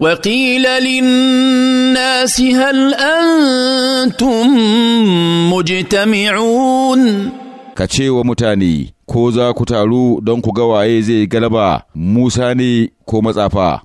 وقيل للناس هل أنتم مجتمعون ka ce wa mutane, Ko za ku taru don ku ga waye zai galaba, Musa ne ko matsafa.